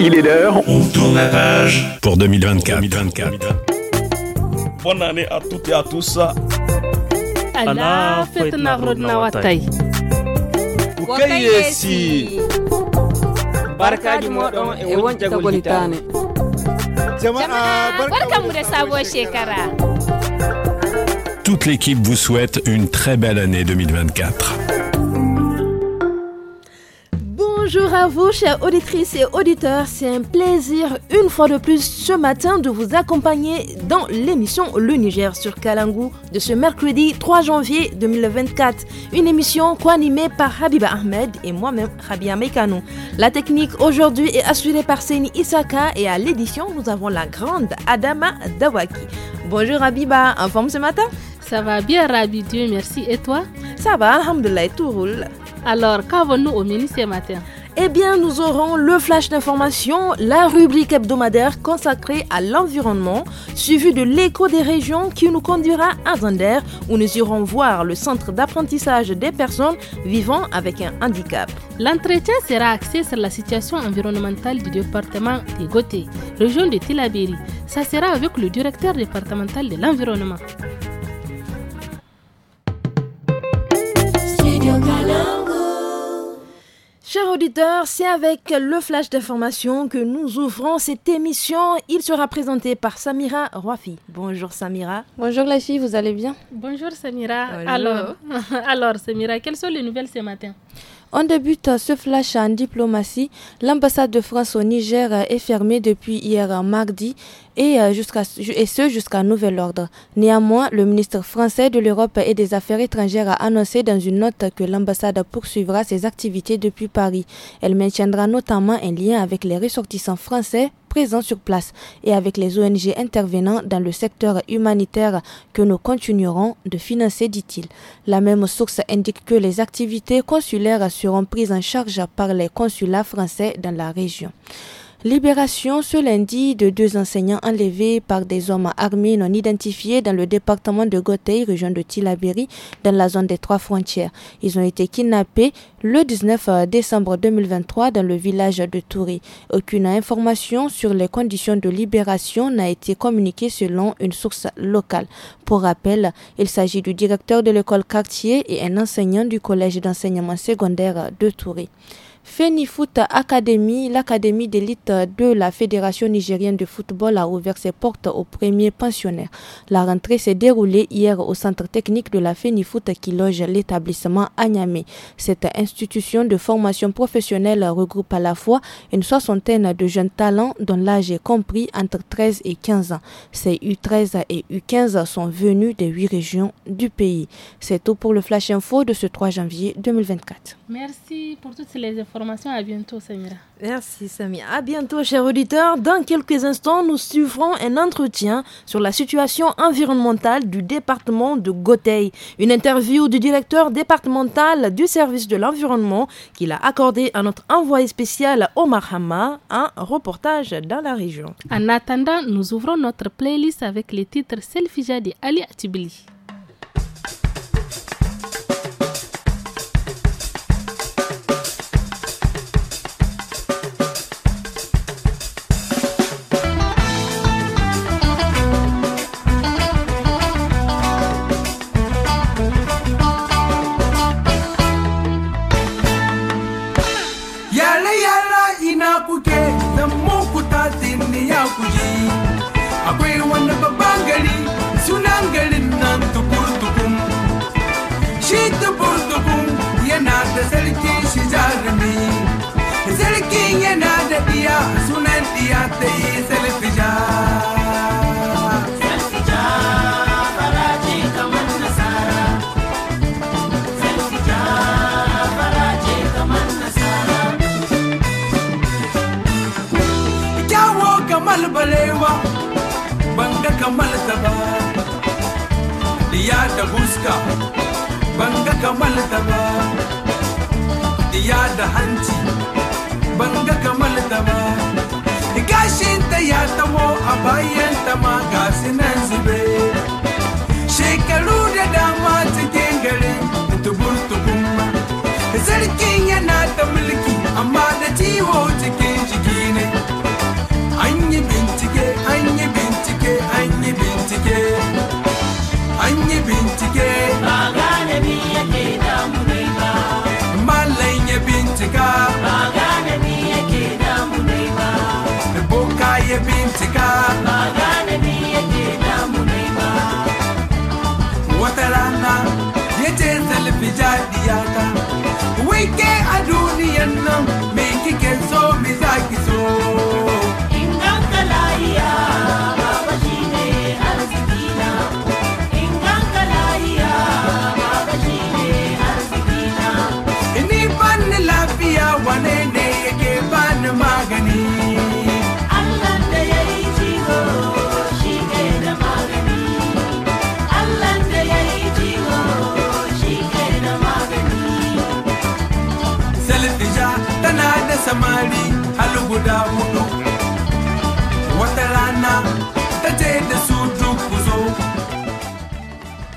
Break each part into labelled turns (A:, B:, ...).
A: Il est l'heure. On tourne la page pour 2024. Bonne année à toutes et à tous.
B: Allah fitna rodna watay. Kukayesi. Barkaji modon e wonja e golitane. Jama'a barkamu da sabuwar e shekara.
C: Toute l'équipe vous souhaite une très belle année 2024.
D: Bonjour à vous, chers auditrices et auditeurs. C'est un plaisir, une fois de plus, ce matin, de vous accompagner dans l'émission Le Niger sur Kalangou de ce mercredi 3 janvier 2024. Une émission co-animée par Habiba Ahmed et moi-même, Rabia Mekano. La technique aujourd'hui est assurée par Seni Isaka et à l'édition, nous avons la grande Adama
B: Dawaki. Bonjour Habiba, en forme ce matin Ça va bien, Rabi, Dieu merci. Et toi Ça va, Alhamdulillah, tout roule. Alors, qu'avons-nous au menu ce matin eh bien nous
D: aurons le flash d'information, la rubrique hebdomadaire consacrée à l'environnement, suivie de l'écho des régions qui nous conduira à Zander où nous irons voir le centre
B: d'apprentissage des personnes vivant avec un handicap. L'entretien sera axé sur la situation environnementale du département des Gothé, région de Tilabéry. Ça sera avec le directeur départemental de l'environnement.
D: Chers auditeurs, c'est avec le flash d'information que nous ouvrons cette émission. Il sera présenté par Samira Roafi. Bonjour Samira.
B: Bonjour la fille, vous allez bien Bonjour Samira. Alors, alors Samira, quelles sont les nouvelles ce matin
D: on débute ce flash en diplomatie. L'ambassade de France au Niger est fermée depuis hier mardi et, euh, et ce jusqu'à nouvel ordre. Néanmoins, le ministre français de l'Europe et des Affaires étrangères a annoncé dans une note que l'ambassade poursuivra ses activités depuis Paris. Elle maintiendra notamment un lien avec les ressortissants français présents sur place et avec les ONG intervenant dans le secteur humanitaire que nous continuerons de financer, dit-il. La même source indique que les activités consulaires seront prises en charge par les consulats français dans la région. Libération ce lundi de deux enseignants enlevés par des hommes armés non identifiés dans le département de Gotei, région de Tilaberi, dans la zone des trois frontières. Ils ont été kidnappés le 19 euh, décembre 2023 dans le village de Touré. Aucune information sur les conditions de libération n'a été communiquée selon une source locale. Pour rappel, il s'agit du directeur de l'école quartier et un enseignant du collège d'enseignement secondaire de Touré. Feni Foot Academy, l'académie d'élite de la Fédération nigérienne de football a ouvert ses portes aux premiers pensionnaires. La rentrée s'est déroulée hier au centre technique de la Feni Foot qui loge l'établissement Agname. Cette institution de formation professionnelle regroupe à la fois une soixantaine de jeunes talents dont l'âge est compris entre 13 et 15 ans. Ces U13 et U15 sont venus des huit régions du pays. C'est tout pour le Flash Info de ce 3 janvier 2024.
B: Merci pour toutes les efforts. À bientôt, Merci, Samira.
D: À bientôt, chers auditeurs. Dans quelques instants, nous suivrons un entretien sur la situation environnementale du département de Gotei. Une interview du directeur départemental du service de l'environnement qu'il a accordé à notre envoyé spécial Omar Hama, un reportage dans la région.
B: En attendant, nous ouvrons notre playlist avec les titres Selfie de Ali Atibili.
E: ya da hanci ban ga kamar da ba ta ya tamo a bayanta ma ga nan zube shekaru da dama cikin garin tuburtukun ma zarkin yana ta mulki amma da ciwo cikin jiki ne an yi bincike an yi bincike an yi bincike an yi bincike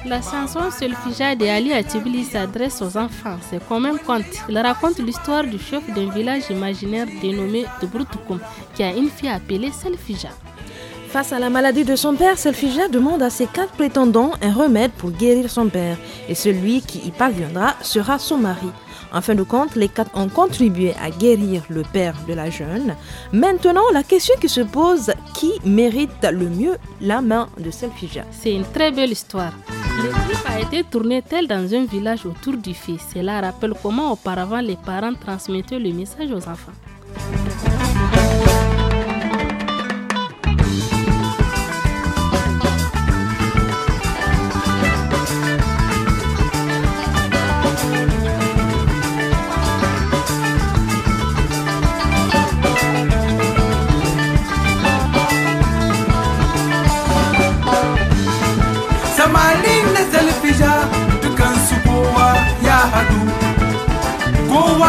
B: La chanson Selfija de Ali Atibili s'adresse aux enfants. C'est quand même conte. Il raconte l'histoire du chef d'un village imaginaire dénommé Tubrutukum qui a une fille appelée Selfija. Face à la maladie de son père,
D: Selfija demande à ses quatre prétendants un remède pour guérir son père, et celui qui y parviendra sera son mari. En fin de compte, les quatre ont contribué à guérir le père de la jeune. Maintenant, la question qui se pose, qui mérite le mieux la main
B: de Selfija C'est une très belle histoire. Le clip a été tourné tel dans un village autour du fils. Cela rappelle comment auparavant les parents transmettaient le message aux enfants.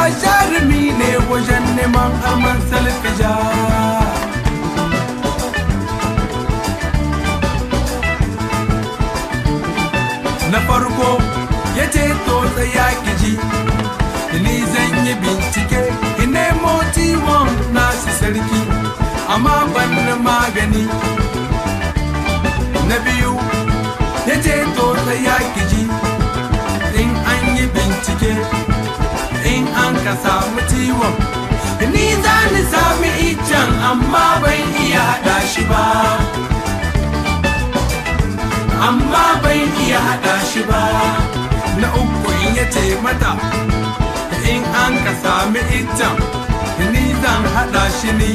E: Wa jarumi ne wajen neman aman salfija na farko ya ce to tsaya ji ni zan yi bincike in nemo ciwon nasu sarki amma ban magani na biyu ya ce to tsaya ji in an yi bincike samu ciwon ni za ni sami iccen amma ban iya haɗa shi ba amma ban iya haɗa shi ba na uku in ya ce mata in an ka sami iccen ni zan haɗa shi ni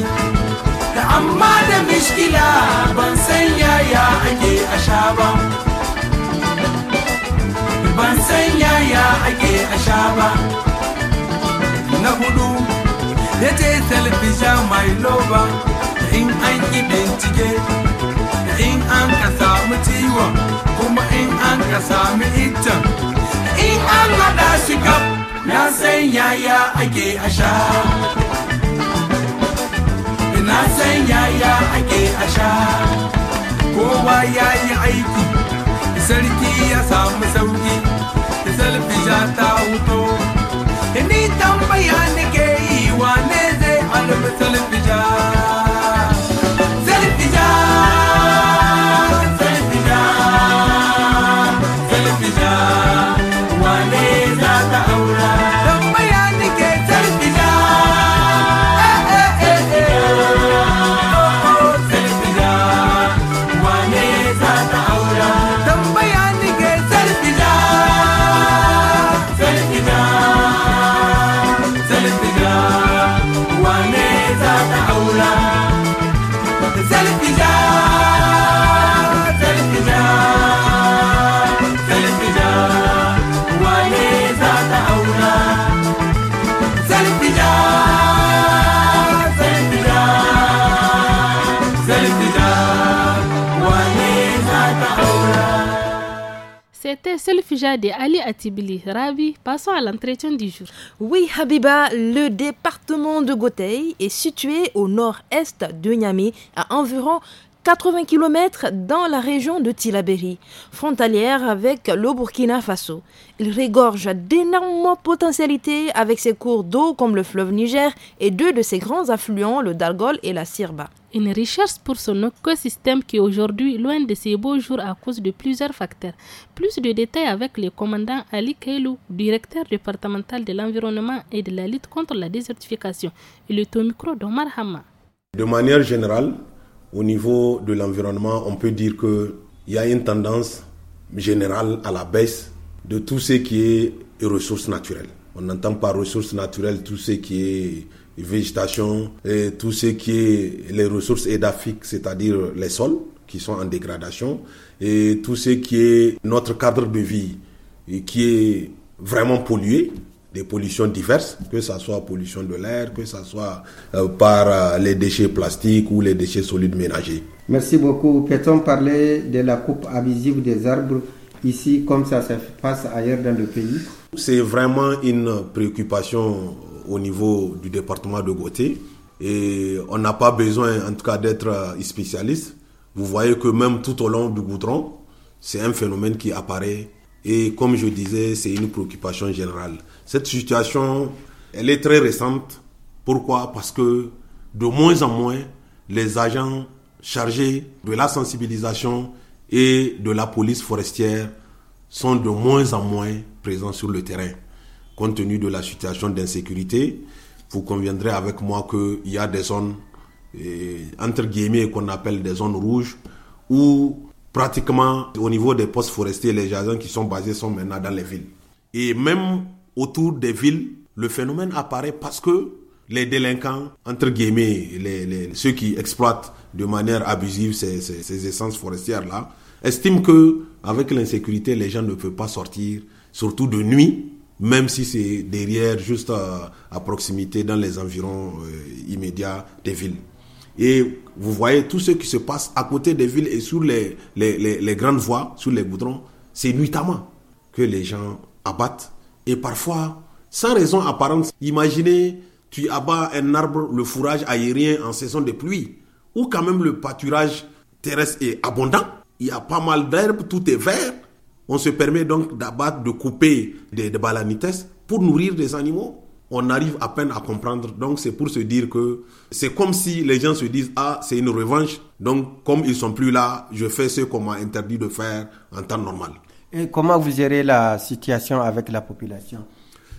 E: da amma da mishkila ban san yaya ake a sha ba ban san yaya ake a sha ba na hudu ya ce salfisha mai loba in an yi bincike in an ka samu ciwon kuma in an ka sami itan in an haɗa shi kaf na san yaya ake a sha na san yaya ake a sha kowa ya yi aiki sarki ya samu sauki da ta hutu ni tambayan ni kay eh, iwanin
B: Jadé Ali Atibili. Ravi, passons à l'entretien du jour. Oui, Habiba, le département de Gotei est
D: situé au nord-est de Niamey, à environ 80 km dans la région de Tilaberi, frontalière avec le Burkina Faso. Il régorge d'énormes potentialités avec ses cours d'eau comme le fleuve Niger et deux de ses grands
B: affluents, le Dargol et la Sirba. Une recherche pour son écosystème qui est aujourd'hui loin de ses beaux jours à cause de plusieurs facteurs. Plus de détails avec le commandant Ali Kailou, directeur départemental de l'environnement et de la lutte contre la désertification. et le au micro d'Omar Hama.
A: De manière générale, au niveau de l'environnement, on peut dire qu'il y a une tendance générale à la baisse de tout ce qui est ressources naturelles. On n'entend pas ressources naturelles tout ce qui est végétation, et tout ce qui est les ressources édaphiques, c'est-à-dire les sols qui sont en dégradation, et tout ce qui est notre cadre de vie et qui est vraiment pollué, des pollutions diverses, que ce soit pollution de l'air, que ce soit euh, par euh, les déchets plastiques ou les déchets solides ménagers.
F: Merci beaucoup. Peut-on parler de la coupe abusive des arbres ici comme ça se passe ailleurs dans le pays
A: C'est vraiment une préoccupation au niveau du département de Gauthier et on n'a pas besoin en tout cas d'être euh, spécialiste. Vous voyez que même tout au long du goudron, c'est un phénomène qui apparaît et comme je disais, c'est une préoccupation générale. Cette situation, elle est très récente. Pourquoi Parce que de moins en moins, les agents chargés de la sensibilisation et de la police forestière sont de moins en moins présents sur le terrain. Compte tenu de la situation d'insécurité, vous conviendrez avec moi qu'il y a des zones, eh, entre guillemets, qu'on appelle des zones rouges, où pratiquement au niveau des postes forestiers, les agents qui sont basés sont maintenant dans les villes. Et même autour des villes, le phénomène apparaît parce que les délinquants, entre guillemets, ceux qui exploitent de manière abusive ces, essences forestières-là, estiment que avec l'insécurité, les gens ne peuvent pas sortir, surtout de nuit, même si c'est derrière, juste à, proximité, dans les environs euh, immédiats des villes. Et vous voyez tout ce qui se passe à côté des villes et sur les, les, grandes voies, sur les goudrons, c'est nuitamment que les gens abattent et parfois, sans raison apparente, imaginez, tu abats un arbre, le fourrage aérien en saison de pluie, ou quand même le pâturage terrestre est abondant, il y a pas mal d'herbes, tout est vert. On se permet donc d'abattre, de couper des, balanites pour nourrir des animaux. On arrive à peine à comprendre. Donc c'est pour se dire que c'est comme si les gens se disent ah c'est une revanche. Donc comme ils sont plus là, je fais ce qu'on m'a interdit de faire en temps normal.
F: Et comment vous gérez la situation avec la population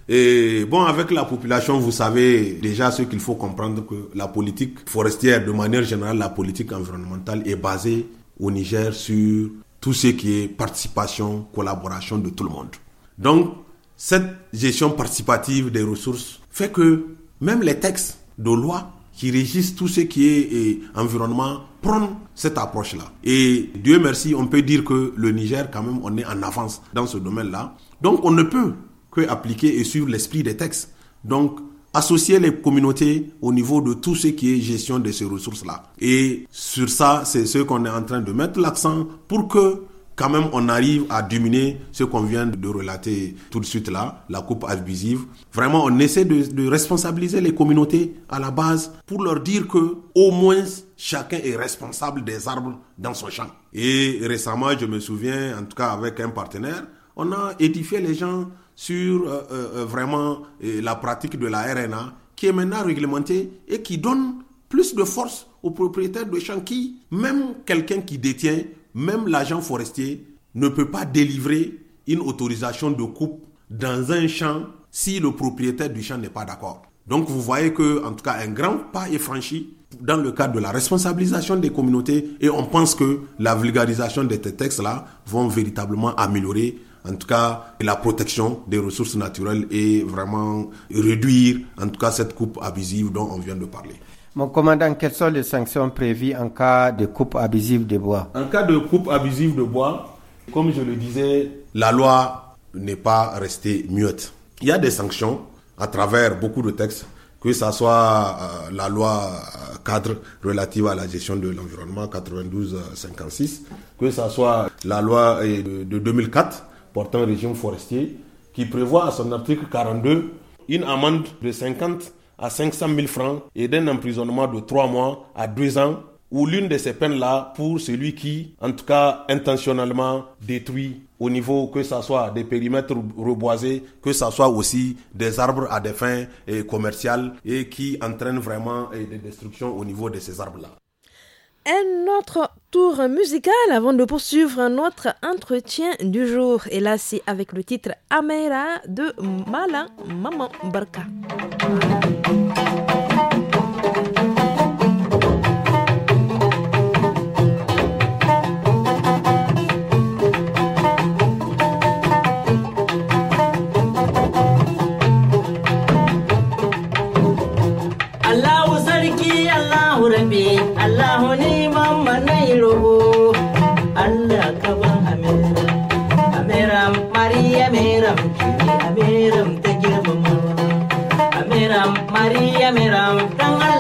A: et bon, avec la population, vous savez déjà ce qu'il faut comprendre que la politique forestière, de manière générale, la politique environnementale est basée au Niger sur tout ce qui est participation, collaboration de tout le monde. Donc, cette gestion participative des ressources fait que même les textes de loi qui régissent tout ce qui est environnement prennent cette approche-là. Et Dieu merci, on peut dire que le Niger, quand même, on est en avance dans ce domaine-là. Donc on ne peut que appliquer et suivre l'esprit des textes. Donc associer les communautés au niveau de tout ce qui est gestion de ces ressources-là. Et sur ça, c'est ce qu'on est en train de mettre l'accent pour que quand même, on arrive à dominer ce qu'on vient de relater tout de suite là, la coupe abusive. Vraiment, on essaie de, responsabiliser les communautés à la base pour leur dire que, au moins, chacun est responsable des arbres dans son champ. Et récemment, je me souviens, en tout cas avec un partenaire, on a édifié les gens sur euh, euh, euh, vraiment la pratique de la RNA qui est maintenant réglementée et qui donne plus de force aux propriétaires de champs qui, même quelqu'un qui détient même l'agent forestier ne peut pas délivrer une autorisation de coupe dans un champ si le propriétaire du champ n'est pas d'accord. Donc vous voyez que en tout cas un grand pas est franchi dans le cadre de la responsabilisation des communautés et on pense que la vulgarisation de ces textes-là vont véritablement améliorer en tout cas la protection des ressources
F: naturelles et vraiment réduire en tout cas cette coupe abusive dont on vient de parler. Mon commandant, quelles sont les sanctions prévues en cas de coupe abusive de bois
G: En cas de coupe
A: abusive de bois, comme je le disais, la loi n'est pas restée muette. Il y a des sanctions à travers beaucoup de textes, que ce soit euh, la loi euh, cadre relative à la gestion de l'environnement 92-56, euh, que ce soit la loi de 2004 portant régime forestier, qui prévoit à son article 42 une amende de 50 à 500 000 francs et d'un emprisonnement de 3 mois à 2 ans ou l'une de ces peines-là pour celui qui, en tout cas intentionnellement, détruit au niveau que ce soit des périmètres reboisés, que ça soit aussi des arbres à des fins eh, commerciales et qui entraîne vraiment eh, des destructions au niveau de ces arbres-là.
D: Un autre tour musical avant de poursuivre notre entretien du jour. Et là, c'est avec le titre Ameira de Mala Maman Barka.
H: Maria Meral, Tangal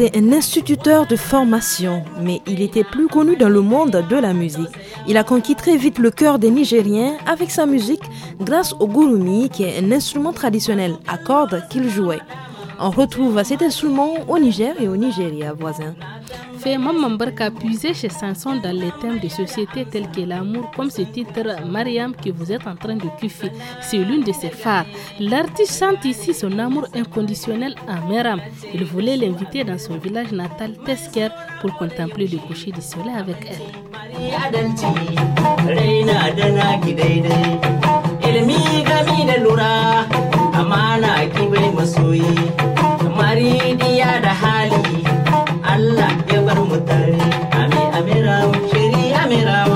D: était un instituteur de formation, mais il était plus connu dans le monde de la musique. Il a conquis très vite le cœur des Nigériens avec sa musique grâce au gurumi qui est un instrument traditionnel à cordes qu'il jouait. On retrouve cet instrument au
B: Niger et au Nigeria voisin. Fait Mambarka Barka puiser chez Samson dans les thèmes de société tels que l'amour, comme ce titre Mariam que vous êtes en train de kiffer. C'est l'une de ses phares. L'artiste chante ici son amour inconditionnel à Meram. Il voulait l'inviter dans son village natal, Tesker, pour contempler le coucher du soleil avec elle.
H: amana kibe masoyi kamar diya da hali Allah ya bar mutane ami amira shiri amira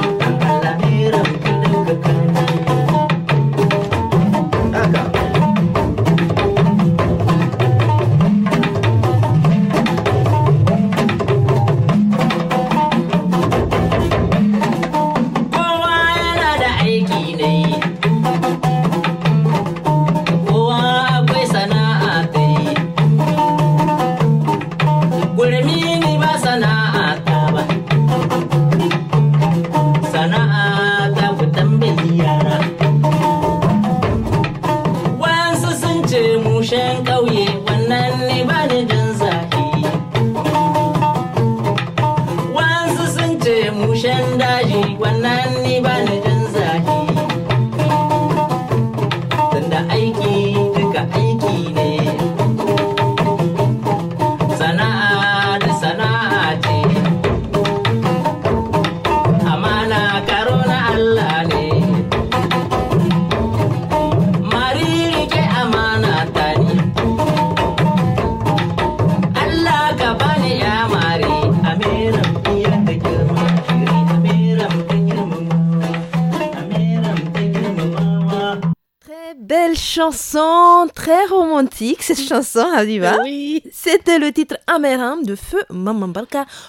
D: chanson très romantique, cette chanson, Adiba. Eh oui. C'était le titre Ameram de Feu Maman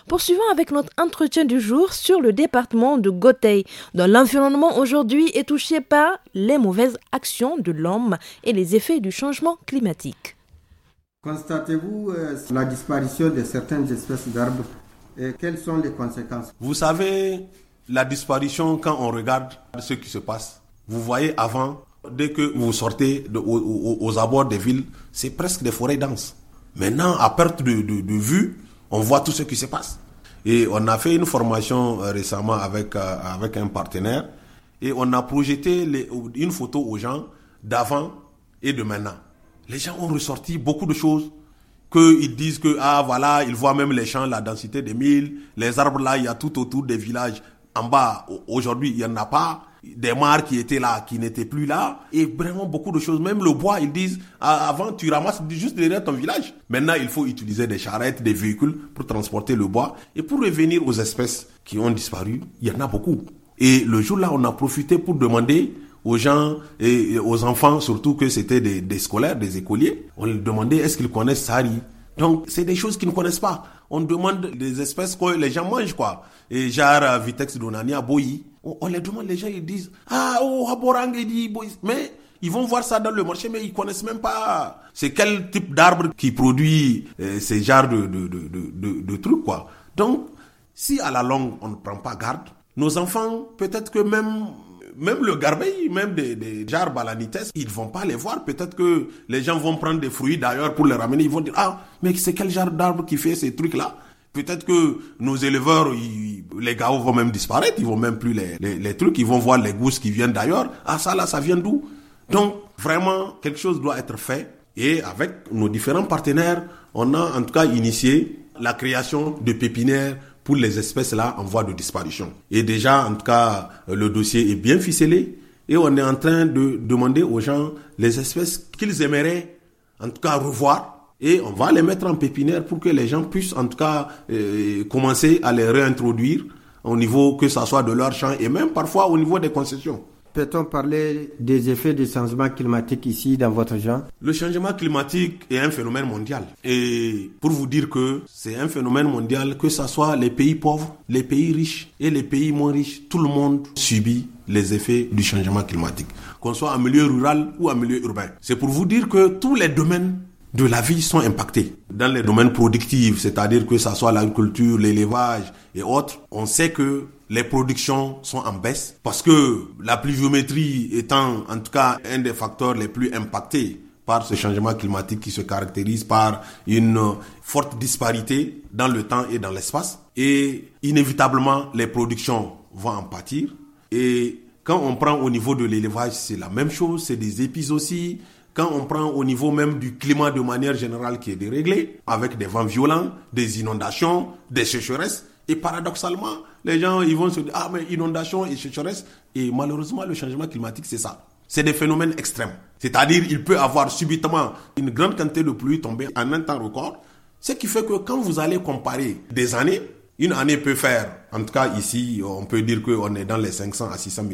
D: Poursuivons avec notre entretien du jour sur le département de Gotei, dont l'environnement aujourd'hui est touché par les mauvaises actions de l'homme et les effets du changement climatique.
F: Constatez-vous euh, la disparition de certaines espèces d'arbres et quelles sont les conséquences Vous savez, la
A: disparition, quand on regarde ce qui se passe, vous voyez avant, dès que vous sortez aux, abords des villes, c'est presque des forêts denses. Maintenant, à perte de, vue, on voit tout ce qui se passe. Et on a fait une formation euh, récemment avec, euh, avec un partenaire et on a projeté une photo aux gens d'avant et de maintenant. Les gens ont ressorti beaucoup de choses que Ils disent que, ah voilà, ils voient même les champs, la densité des milles, les arbres là, il y a tout autour des villages. En bas, aujourd'hui, il n'y en a pas des mares qui étaient là, qui n'étaient plus là, et vraiment beaucoup de choses. Même le bois, ils disent, ah, avant tu ramasses juste derrière ton village. Maintenant, il faut utiliser des charrettes, des véhicules pour transporter le bois. Et pour revenir aux espèces qui ont disparu, il y en a beaucoup. Et le jour-là, on a profité pour demander aux gens et aux enfants, surtout que c'était des, scolaires, des écoliers, on leur demandait est-ce qu'ils connaissent Sari. Donc, c'est des choses qu'ils ne connaissent pas. On demande des espèces que les gens mangent, quoi. Et genre, euh, Vitex donania, Boyi, on, oh, oh, les demande, les gens ils disent Ah, oh, Haborang, dit. Mais ils vont voir ça dans le marché, mais ils connaissent même pas c'est quel type d'arbre qui produit euh, ces genres de, de, de, trucs, quoi. Donc, si à la longue, on ne prend pas garde, nos enfants, peut-être que même, même le garbeille, même des, des jarbes à la ils vont pas les voir. Peut-être que les gens vont prendre des fruits d'ailleurs pour les ramener. Ils vont dire, ah, mais c'est quel genre d'arbre qui fait ces trucs-là? Peut-être que nos éleveurs, les gars vont même disparaître, ils vont même plus les, les, les trucs, ils vont voir les gousses qui viennent d'ailleurs. Ah ça là, ça vient d'où Donc vraiment, quelque chose doit être fait. Et avec nos différents partenaires, on a en tout cas initié la création de pépinières pour les espèces là en voie de disparition. Et déjà, en tout cas, le dossier est bien ficelé et on est en train de demander aux gens les espèces qu'ils aimeraient en tout cas revoir et on va les mettre en pépinière pour que les gens puissent en tout cas euh, commencer à les réintroduire au niveau que ce soit de leur
F: champ et même parfois au niveau des concessions. Peut-on parler des effets du changement climatique ici dans votre genre
A: Le changement climatique est un phénomène mondial. Et pour vous dire que c'est un phénomène mondial, que ce soit les pays pauvres, les pays riches et les pays moins riches, tout le monde subit les effets du changement climatique, qu'on soit en milieu rural ou en milieu urbain. C'est pour vous dire que tous les domaines de la vie sont impactés. Dans les domaines productifs, c'est-à-dire que ce soit l'agriculture, l'élevage et autres, on sait que les productions sont en baisse parce que la pluviométrie étant en tout cas un des facteurs les plus impactés par ce changement climatique qui se caractérise par une forte disparité dans le temps et dans l'espace. Et inévitablement, les productions vont en pâtir. Et quand on prend au niveau de l'élevage, c'est la même chose, c'est des épices aussi, quand on prend au niveau même du climat de manière générale qui est déréglé, avec des vents violents, des inondations, des sécheresses, et paradoxalement, les gens ils vont se dire ah mais inondations et sécheresses... et malheureusement le changement climatique c'est ça. C'est des phénomènes extrêmes. C'est-à-dire il peut avoir subitement une grande quantité de pluie tombée en un temps record, ce qui fait que quand vous allez comparer des années, une année peut faire, en tout cas ici, on peut dire qu'on est dans les 500 à 600 mm.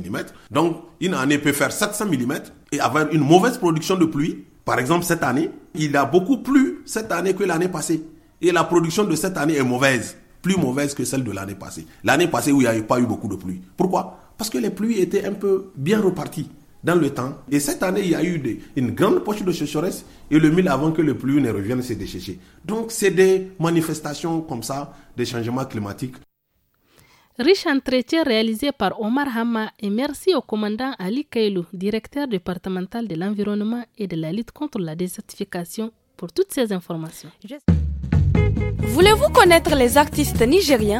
A: Donc, une année peut faire 700 mm et avoir une mauvaise production de pluie. Par exemple, cette année, il a beaucoup plu cette année que l'année passée. Et la production de cette année est mauvaise, plus mauvaise que celle de l'année passée. L'année passée où il n'y avait pas eu beaucoup de pluie. Pourquoi Parce que les pluies étaient un peu bien reparties dans le temps. Et cette année, il y a eu une grande poche de sécheresse et le mille avant que le pluie ne revienne se déchirer Donc, c'est des manifestations comme ça des changements climatiques.
B: Riche entretien réalisé par Omar Hama et merci au commandant Ali Kailou, directeur départemental de l'environnement et de la lutte contre la désertification, pour toutes ces informations. Voulez-vous connaître les artistes nigériens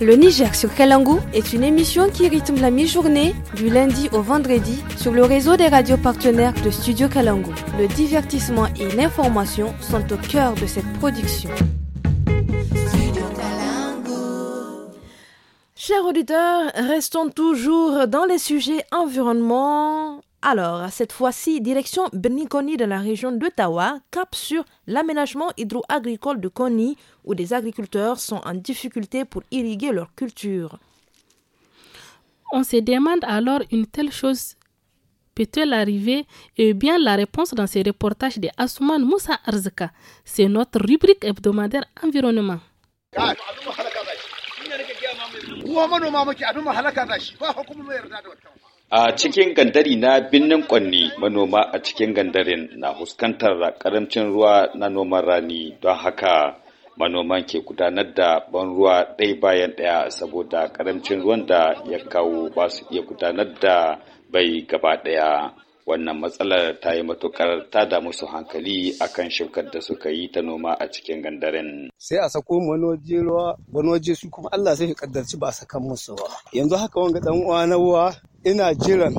D: Le Niger sur Kalangou est une émission qui rythme la mi-journée du lundi au vendredi sur le réseau des radios partenaires de Studio Kalangou. Le divertissement et l'information sont au cœur de cette production. Chers auditeurs, restons toujours dans les sujets environnement alors, cette fois-ci, direction Berni-Koni de la région d'Ottawa, cap sur l'aménagement hydro-agricole de Koni où des agriculteurs sont en difficulté pour irriguer leurs cultures.
B: On se demande alors une telle chose peut-elle arriver Et bien la réponse dans ce reportage de Asuman Moussa Arzka. C'est notre rubrique hebdomadaire environnement.
C: A cikin gandari na birnin Kwanni manoma a cikin gandarin na fuskantar karamcin ruwa na noman rani don haka manoman ke gudanar da ban ruwa ɗaya bayan ɗaya saboda karamcin ruwan da ya kawo ba su iya gudanar da bai gaba ɗaya. wannan matsalar ta yi matukar ta damu su hankali akan shukar da suka yi ta noma a cikin gandaren. Sai
I: a sako manoji ruwa, manoji su kuma Allah sai shi kaddarci ba sakan musu ba. Yanzu haka wanga dan uwa na uwa ina jiran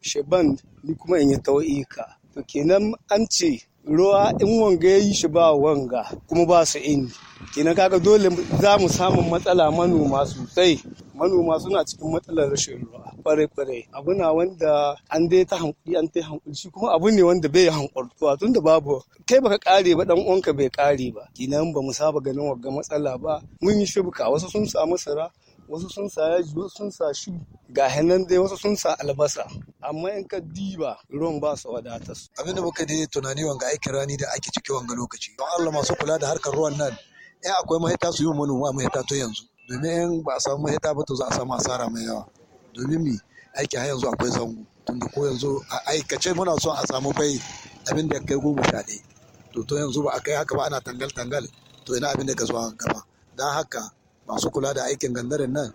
I: shiban ni kuma in yi tawika. To kenan an ce ruwa in wanga ya yi shi ba wanga kuma ba su ini kenan kaga dole za mu samu matsala manoma sosai manoma suna cikin matsalar rashin ruwa kware kware abu na wanda an dai ta hankuli an ta hankuli shi kuma abu ne wanda bai a tunda babu kai baka kare ba dan uwanka bai kare ba kenan ba mu saba ganin wagga matsala ba mun yi shibka wasu sun samu sara wasu sun sa yaji wasu sun sa shi ga nan dai wasu sun sa albasa amma in ka diba ruwan ba su wadatar
J: abin da muka dai tunani wanga aikin rani da ake ciki wanga lokaci don Allah masu kula da harkar ruwan nan eh akwai mahita su yi manoma mahita to yanzu domin in ba a samu mahita ba to za a samu asara mai yawa domin mi aiki har yanzu akwai zango tunda ko yanzu a aikace muna son a samu bai abin da kai goma sha ɗaya to to yanzu ba a kai haka ba ana tangal tangal to ina abin da ka zuwa gaba don haka masu kula da aikin gandarin nan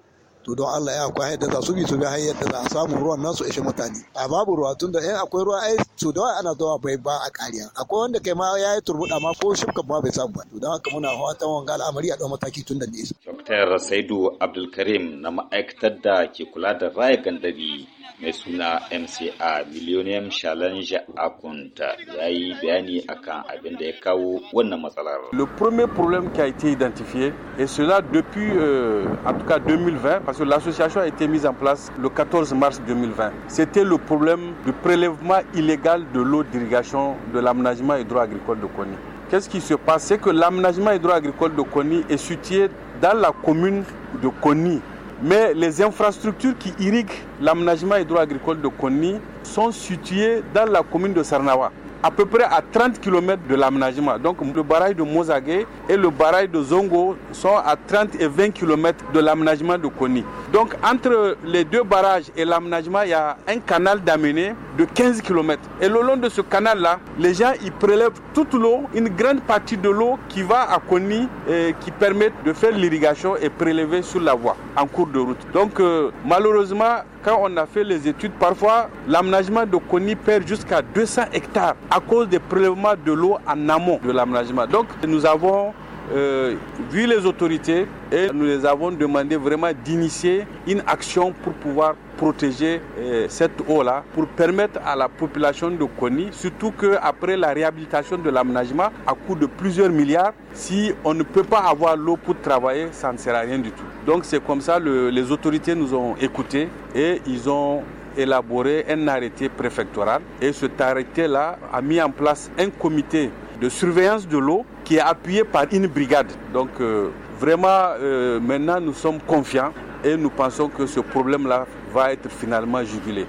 J: to don Allah ya akwai hanyar da za su bi su bi hanyar da za a samu ruwan nasu ishe mutane a babu ruwa tun da in akwai ruwa ai su da ana zuwa bai ba a kariya akwai wanda kai ma ya yi turbuɗa ma ko shifka ma bai samu ba to don haka muna fatan wanga al'amari a ɗau mataki tun da nesa.
C: Dr. Saidu Abdulkarim na ma'aikatar da ke kula da raya gandari mai suna mca millennium challenge account ya yi bayani akan abin da ya kawo wannan matsalar
K: le premier problème qui a été identifié et cela depuis euh, en tout cas 2020 parce l'association a été mise en place le 14 mars 2020. C'était le problème du prélèvement illégal de l'eau d'irrigation de l'aménagement hydro-agricole de Kony. Qu'est-ce qui se passe C'est que l'aménagement hydro-agricole de Kony est situé dans la commune de Kony. Mais les infrastructures qui irriguent l'aménagement hydro-agricole de Kony sont situées dans la commune de Sarnawa à peu près à 30 km de l'aménagement. Donc le barrage de Mozague et le barrage de Zongo sont à 30 et 20 km de l'aménagement de Koni. Donc entre les deux barrages et l'aménagement, il y a un canal d'amener de 15 km. Et le long de ce canal-là, les gens ils prélèvent toute l'eau, une grande partie de l'eau qui va à Koni et qui permet de faire l'irrigation et prélever sur la voie en cours de route. Donc euh, malheureusement, quand on a fait les études, parfois l'aménagement de Kony perd jusqu'à 200 hectares à cause des prélèvements de l'eau en amont de l'aménagement. Donc nous avons euh, vu les autorités et nous les avons demandé vraiment d'initier une action pour pouvoir protéger euh, cette eau-là pour permettre à la population de Kony, surtout qu'après la réhabilitation de l'aménagement, à coût de plusieurs milliards, si on ne peut pas avoir l'eau pour travailler, ça ne sert à rien du tout. Donc c'est comme ça, que les autorités nous ont écoutés et ils ont élaboré un arrêté préfectoral. Et cet arrêté-là a mis en place un comité de surveillance de l'eau qui est appuyé par une brigade. Donc euh, vraiment, euh, maintenant, nous sommes confiants et nous pensons que ce problème-là
C: va être finalement jugulé.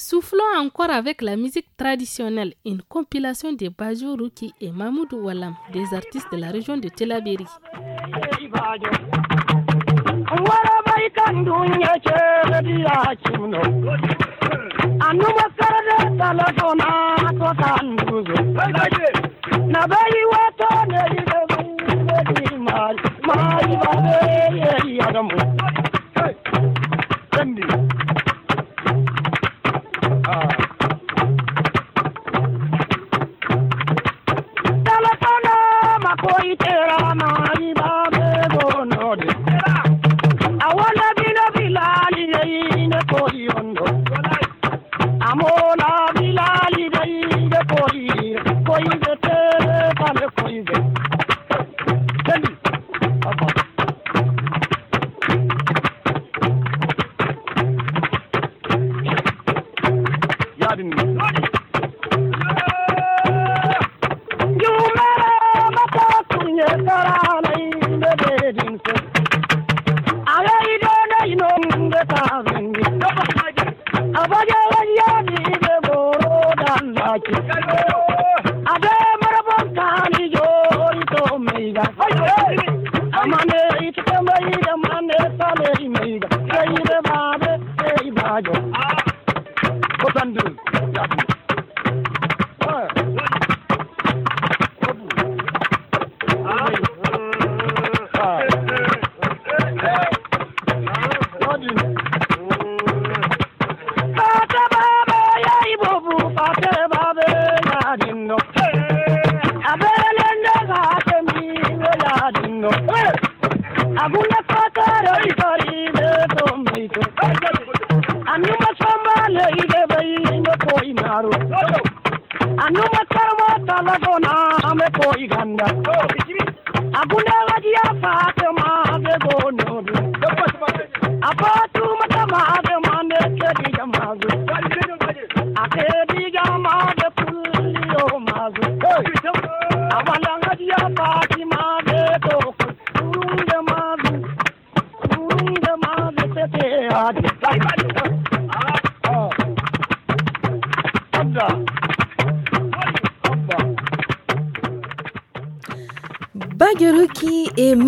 B: Soufflons encore avec la musique traditionnelle, une compilation de Bajo Ruki et Mahmoud Walam, des artistes de la région de Telabéry.
L: Telephone, my boy, tell my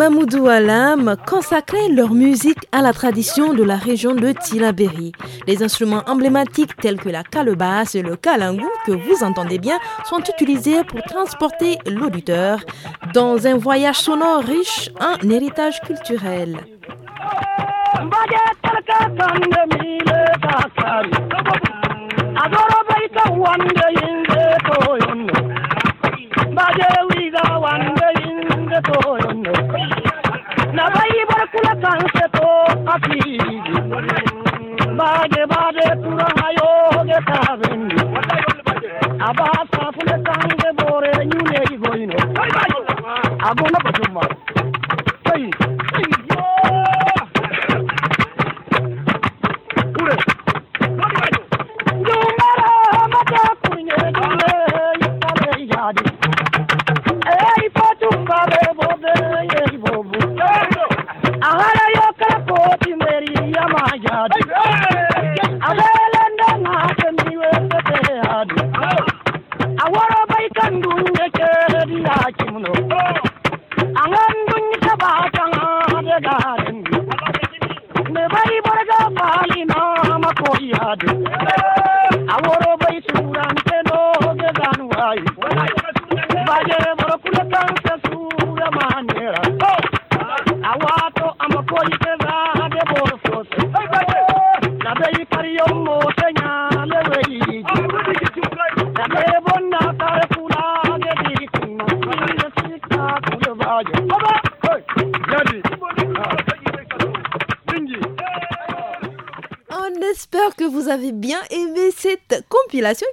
D: Mamoudou Alam consacrait leur musique à la tradition de la région de Tilaberi. Les instruments emblématiques tels que la calebasse et le kalangu que vous entendez bien sont utilisés pour transporter l'auditeur dans un voyage sonore riche en héritage culturel.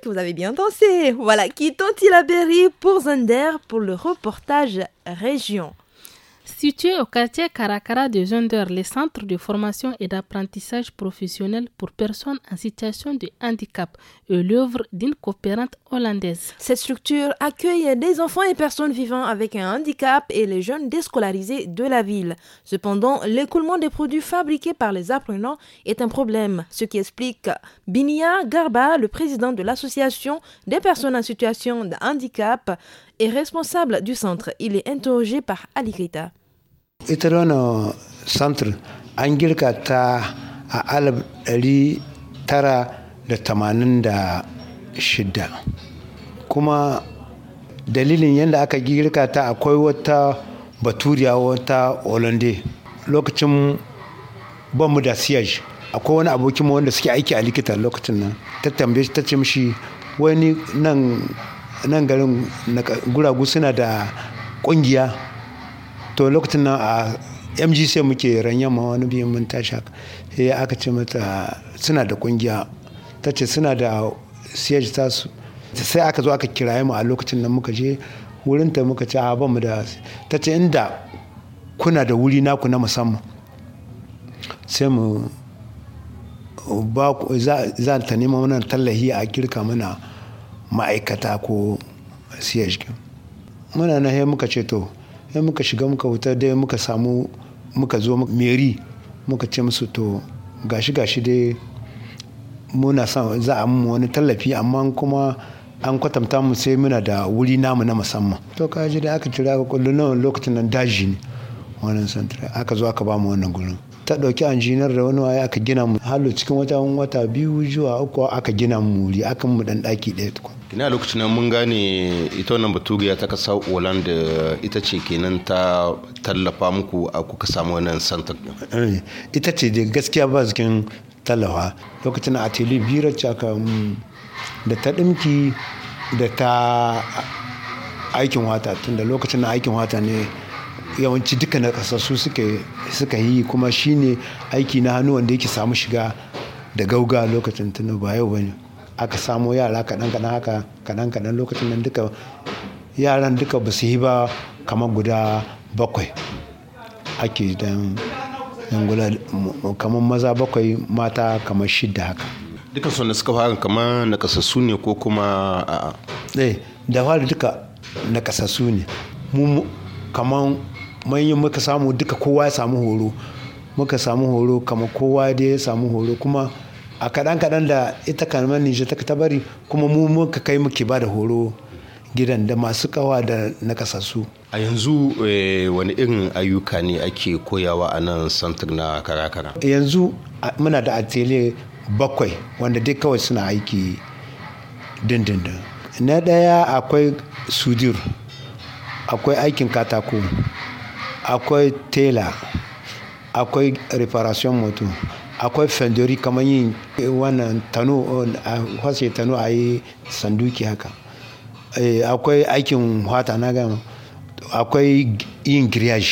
D: que vous avez bien dansé. Voilà, quittons
B: berry pour Zender pour le reportage région. Situé au quartier Caracara de Gender, le centre de formation et d'apprentissage professionnel pour personnes en situation de handicap est l'œuvre d'une coopérante hollandaise. Cette structure accueille des enfants et personnes vivant avec un handicap et les jeunes déscolarisés de la
D: ville. Cependant, l'écoulement des produits fabriqués par les apprenants est un problème, ce qui explique Binia Garba, le président de l'association des personnes en situation de handicap et responsable du centre. Il est interrogé par Ali
J: ita wani santir an girka ta a alif ɗari tara da tamanin da shida kuma dalilin yadda aka girka ta akwai wata baturiya wata olande lokacin bamu da siyaj akwai wani abokin wanda suke aiki a likita lokacin nan ta tambaye shi ta ce mishi wani nan garin guragu suna da kungiya to lokacin nan a mgc muke ranyen ma wani biyun mun tashi haka sai aka ce mata suna da kungiya ta ce suna da siyaj su sai aka zo aka kiraye mu a lokacin nan muka je wurinta muka ce a mu da ta ce inda kuna da wuri naku na musamman sai mu za ta nema mana tallahi a girka mana ma'aikata ko siyaj muna na muka ce to sai muka shiga muka wuta dai muka samu muka zo meri muka ce musu to gashi gashi dai muna za a mu wani tallafi amma kuma an kwatanta mu sai muna da wuri namu na musamman to ka ji da aka kira ka kullu lokacin nan daji ne wannan santra aka zo aka ba mu wannan gurin ta ɗauki anjinar da wani waye aka gina mu halu cikin wata wata biyu zuwa uku aka gina mu ri aka mu dan ɗaki ɗaya tukun.
M: Ina lokacin nan mun gane ita wannan baturiya ta kasa da eh, ita ce kenan ta tallafa muku a kuka samu wannan santa.
J: Eh, ita ce da gaskiya ba zikin tallafa lokacin a tele biyar caka mm, da ta ɗinki da ta aikin wata tunda lokacin aikin wata ne yawanci duka na kasassu suka yi kuma shine aiki na hannu wanda yake samu shiga da gauga lokacin tunu ba yau bane aka samo yara kaɗan kaɗan haka kaɗan kaɗan lokacin nan duka yaran duka ba su yi ba kamar guda bakwai ake dan yangula kamar maza bakwai mata kamar shidda
M: haka duka sun suka fara kamar kasassu ne ko kuma a eh, da fara duka
J: nakasassu ne mu kamar manyan muka samu duka kowa ya samu horo muka samu horo kama kowa dai ya samu horo kuma a kaɗan kaɗan da ita kalmar nijar ta bari kuma mu muka kai muke ba da horo gidan da masu kawa da nakasassu.
M: a yanzu eh, wani irin ayyuka ne ake koyawa a nan santir na karakara
J: yanzu muna da atelier bakwai wanda dai kawai suna aiki dindindin na ɗaya akwai sudir akwai aikin katako akwai tela akwai reparation moto akwai fendori kamar yin wannan tano a kwashe tano a yi sanduki haka eh, akwai aikin hata na gama akwai yin giriyaj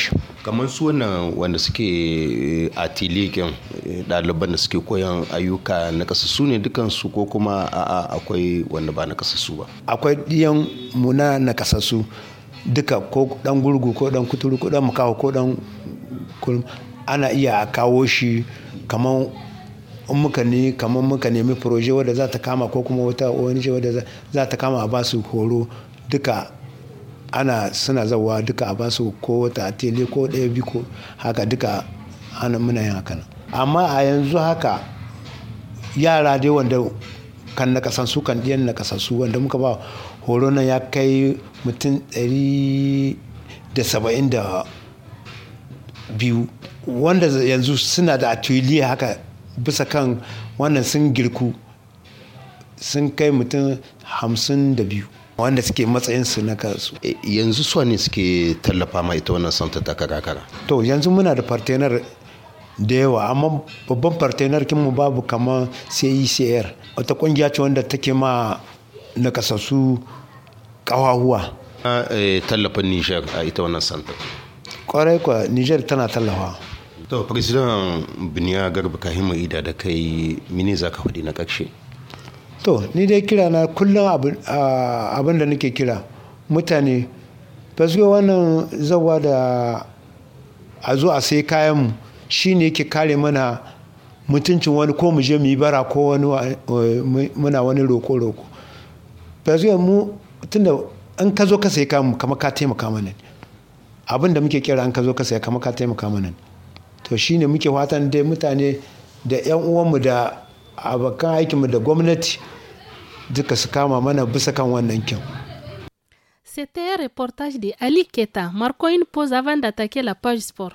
M: kamar su wannan wanda suke eh, a tilikin eh, ɗaliban da suke koyan ayyuka na su ne dukansu ko kuma a akwai wanda ba na su ba akwai ɗiyan
J: muna na su duka ko dan gurgu ko dan kuturu ko dan makaho ko dan kurum ana iya a kawo shi kamar in muka ne kamar muka nemi proje wadda za ta kama ko kuma wata ONG wadda za ta kama a ba su horo duka ana suna zawa duka a ba su ko wata tele ko ɗaya biyu ko haka duka ana muna yin haka amma a yanzu haka yara dai wanda kan na kasan su kan diyan na kasan su wanda muka ba horo na ya kai mutum 172 wanda yanzu suna da atuliya haka bisa kan wannan sun girku sun kai mutum 52 wanda suke matsayinsu na kansu eh, yanzu suwa ne suke tallafa ma ita wannan santa ta karakara to yanzu muna da partenar da yawa amma babban partenar kinmu babu kamar cecr wata kungiya ce wanda take ma nakasassu
M: ƙawahuwa eh, tallafin niger a ita wannan santa
J: kwarai kwa niger tana
M: tallafa to president biniya garba kahimu ida da kai mini za ka faɗi na ƙarshe
J: to ni dai kira na kullum abin da nake kira mutane fasgo wannan zawa da a zo a sai kayanmu shi ne ke kare mana mutuncin wani ko mu je mu yi bara ko wani eh, muna wani roko-roko fasgo mu tunda an ka zo ka sai kamu kama ka taimaka mana abin da muke kira an ka zo ka sai kama ka taimaka mana to shine muke fatan dai mutane da yan uwanmu da abokan aikinmu da gwamnati duka su kama mana bisa kan wannan kyau
B: C'était un reportage de Ali Keta, marquant une pause avant d'attaquer la page sport.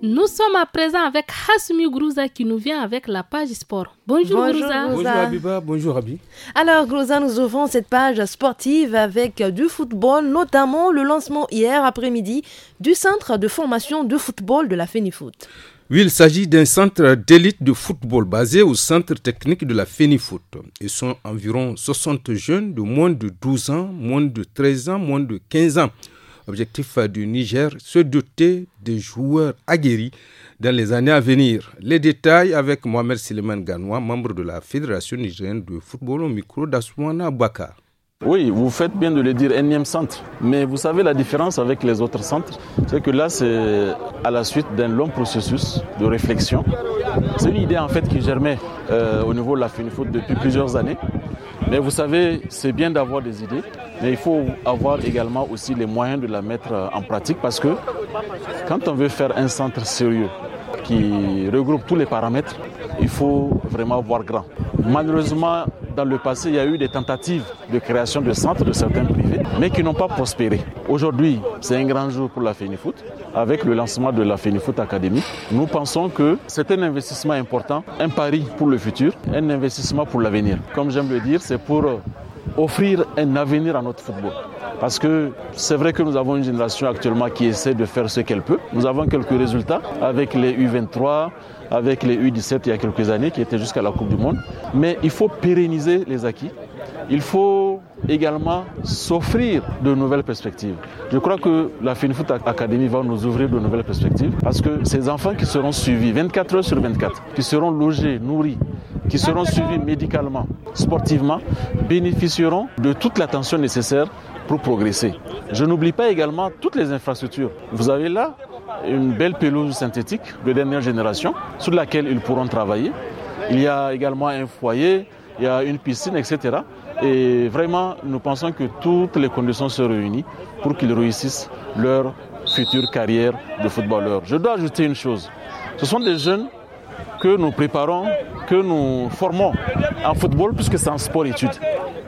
B: Nous sommes à présent avec Hasmi Grouza qui nous vient avec la page sport. Bonjour, bonjour Bonjour Abiba,
G: bonjour Abi.
D: Alors Grouza, nous ouvrons cette page sportive avec du football, notamment le lancement hier après-midi du centre de formation de football de la FENIFOOT.
G: Oui, il s'agit d'un centre d'élite de football basé au centre technique de la FENIFOOT. Ils sont environ 60 jeunes de moins de 12 ans, moins de 13 ans, moins de 15 ans Objectif euh, du Niger, se doter des joueurs aguerris dans les années à venir. Les détails avec Mohamed Siliman Ganois, membre de la Fédération nigérienne de football au micro
N: d'Aswana Baka. Oui, vous faites bien de le dire, énième centre. Mais vous savez la différence avec les autres centres, c'est que là, c'est à la suite d'un long processus de réflexion. C'est une idée en fait qui germait euh, au niveau de la fédération depuis plusieurs années. Mais vous savez, c'est bien d'avoir des idées, mais il faut avoir également aussi les moyens de la mettre en pratique parce que quand on veut faire un centre sérieux, qui regroupe tous les paramètres, il faut vraiment voir grand. Malheureusement, dans le passé, il y a eu des tentatives de création de centres de certains privés, mais qui n'ont pas prospéré. Aujourd'hui, c'est un grand jour pour la FENIFOOT. Avec le lancement de la FENIFOOT Academy, nous pensons que c'est un investissement important, un pari pour le futur, un investissement pour l'avenir. Comme j'aime le dire, c'est pour offrir un avenir à notre football. Parce que c'est vrai que nous avons une génération actuellement qui essaie de faire ce qu'elle peut. Nous avons quelques résultats avec les U23, avec les U17 il y a quelques années qui étaient jusqu'à la Coupe du Monde. Mais il faut pérenniser les acquis il faut également s'offrir de nouvelles perspectives. Je crois que la FINFOOT Academy va nous ouvrir de nouvelles perspectives parce que ces enfants qui seront suivis 24 heures sur 24, qui seront logés, nourris, qui seront suivis médicalement, sportivement, bénéficieront de toute l'attention nécessaire pour progresser. Je n'oublie pas également toutes les infrastructures. Vous avez là une belle pelouse synthétique de dernière génération sur laquelle ils pourront travailler. Il y a également un foyer il y a une piscine, etc. Et vraiment, nous pensons que toutes les conditions se réunissent pour qu'ils réussissent leur future carrière de footballeur. Je dois ajouter une chose. Ce sont des jeunes que nous préparons, que nous formons en football, puisque c'est un sport-étude.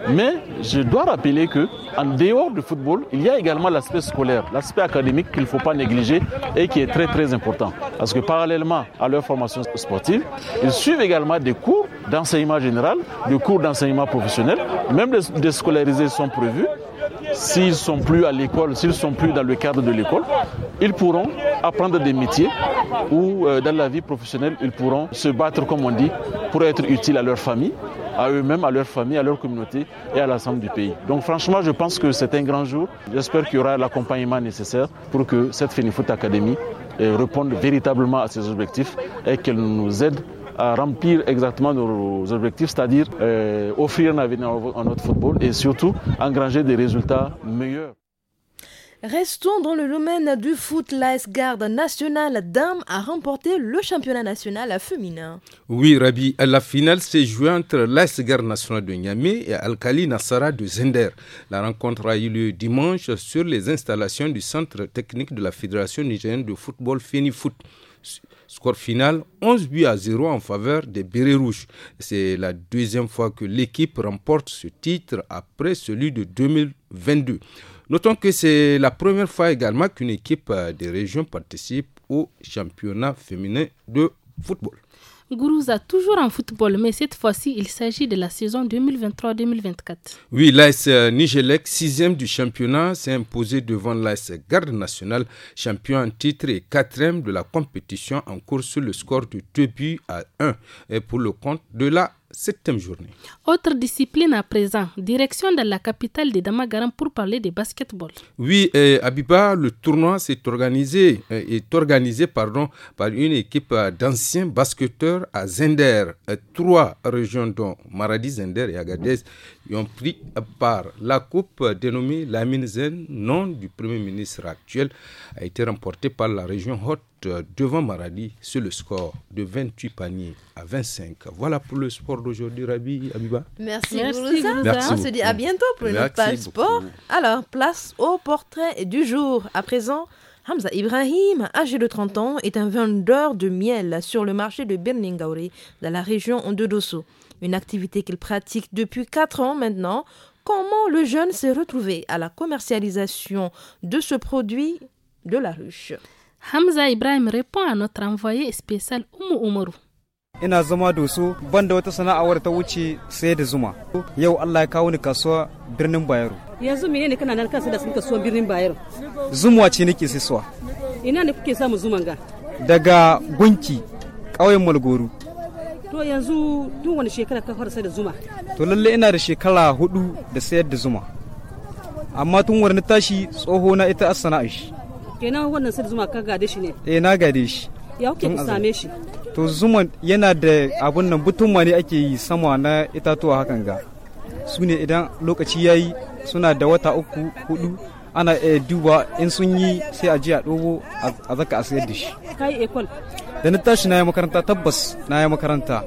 N: Mais je dois rappeler que en dehors du football, il y a également l'aspect scolaire, l'aspect académique qu'il ne faut pas négliger et qui est très très important. Parce que parallèlement à leur formation sportive, ils suivent également des cours d'enseignement général, des cours d'enseignement professionnel, même des, des scolarisés sont prévus s'ils sont plus à l'école, s'ils sont plus dans le cadre de l'école, ils pourront apprendre des métiers ou euh, dans la vie professionnelle, ils pourront se battre, comme on dit, pour être utiles à leur famille, à eux-mêmes, à leur famille, à leur communauté et à l'ensemble du pays. Donc franchement, je pense que c'est un grand jour. J'espère qu'il y aura l'accompagnement nécessaire pour que cette Finifoot Academy euh, réponde véritablement à ses objectifs et qu'elle nous aide à remplir exactement nos objectifs, c'est-à-dire euh, offrir un avenir à notre football et surtout engranger des résultats meilleurs.
D: Restons dans le domaine du foot. L'AS Garde nationale dame a remporté le championnat national féminin.
G: Oui, Rabi, la finale s'est jouée entre l'AS Garde nationale de Niamey et Alkali Nassara de Zender. La rencontre a eu lieu dimanche sur les installations du centre technique de la Fédération nigérienne de football Fini Foot. Score final 11 buts à 0 en faveur des Bérets Rouges. C'est la deuxième fois que l'équipe remporte ce titre après celui de 2022. Notons que c'est la première fois également qu'une équipe euh, des régions participe au championnat féminin de football
B: a toujours en football, mais cette fois-ci, il s'agit de la saison 2023-2024.
G: Oui, l'AS Nigelec, sixième du championnat, s'est imposé devant l'AS Garde nationale, champion en titre et quatrième de la compétition en cours sur le score de 2 buts à 1 et pour le compte de la septième journée.
B: Autre discipline à présent, direction de la capitale de Damagaram pour parler de basketball.
G: Oui, à eh, Abiba, le tournoi s'est organisé, eh, est organisé pardon, par une équipe d'anciens basketteurs à Zender. Eh, trois régions dont Maradi, Zender et Agadez y ont pris part. La coupe dénommée Lamine Zen, nom du premier ministre actuel, a été remportée par la région Haute euh, devant Maradi sur le score de 28 paniers à 25. Voilà pour le sport d'aujourd'hui, Rabi Abiba.
O: Merci, Merci,
D: On se dit à bientôt pour le page sport. Alors, place au portrait du jour. À présent, Hamza Ibrahim, âgé de 30 ans, est un vendeur de miel sur le marché de Birningauri, dans la région de Dosso. Une activité qu'il pratique depuis 4 ans maintenant. Comment le jeune s'est retrouvé à la commercialisation de ce produit
B: de la ruche Hamza Ibrahim répond à notre envoyé spécial Oumu
P: Umaru. Ina zama doso banda wata sana'awar ta wuce sai da zuma. Yau Allah ya kawo ni kasuwa birnin Bayero.
B: Yanzu ne kana nan kansa da sun kasuwa birnin Bayero?
P: Zuma ce nake sisuwa.
B: Ina ne kuke samu zuman ga?
P: Daga gunki ƙauyen Malgoro.
B: To yanzu tun wani shekara ka fara sai da zuma?
P: To lalle ina da shekara hudu da sayar da zuma. Amma tun wani tashi tsoho na ita as sana'ar
B: kenan wannan sir zuma ka gade shi ne
P: eh na gade shi
B: ya kuke ku same shi
P: to zuma yana da abun nan butun ne ake yi sama na itatuwa hakan ga su ne idan lokaci ya yi suna da wata uku hudu ana iya duba in sun yi sai a ji a dobo a zaka a sayar da shi kai ekol da na tashi na yi makaranta tabbas na yi makaranta